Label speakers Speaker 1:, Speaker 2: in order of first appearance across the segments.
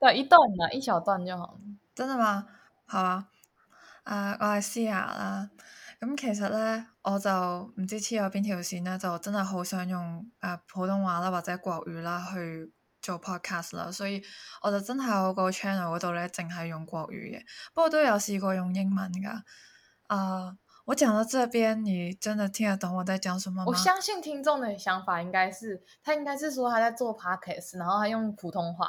Speaker 1: 對一段啊，一小段就好。真的嗎？好啊。啊、呃，我係思雅啦。咁、嗯嗯、其實呢，我就唔知黐咗邊條線呢，就真係好想用啊、呃、普通話啦，或者國語啦去做 podcast 啦。所以我就真係我個 channel 度咧，淨係用國語嘅。不過都有試過用英文噶。啊、呃，我講到這邊，你真的聽得懂我在講什麼嗎？我相信聽
Speaker 2: 眾的想法，應該是，他應該是說，他在做 podcast，然後他用普通話。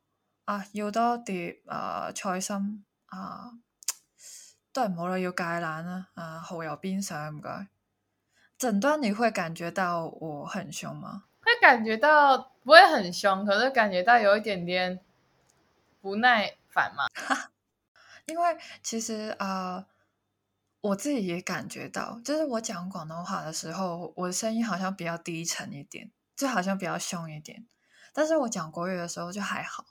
Speaker 1: 啊，要多碟啊菜心啊，都係冇啦，要芥蘭啦，啊蠔油邊上唔該。整段你會感覺到我很凶嗎？會感覺到，不會很凶，可是感覺到
Speaker 2: 有一點點不耐煩嘛。
Speaker 1: 因為其實啊、呃，我自己也感覺到，就是我講廣東話的時候，我的聲音好像比較低沉一點，就好像比較凶一點，但是我講國語的時候就還好。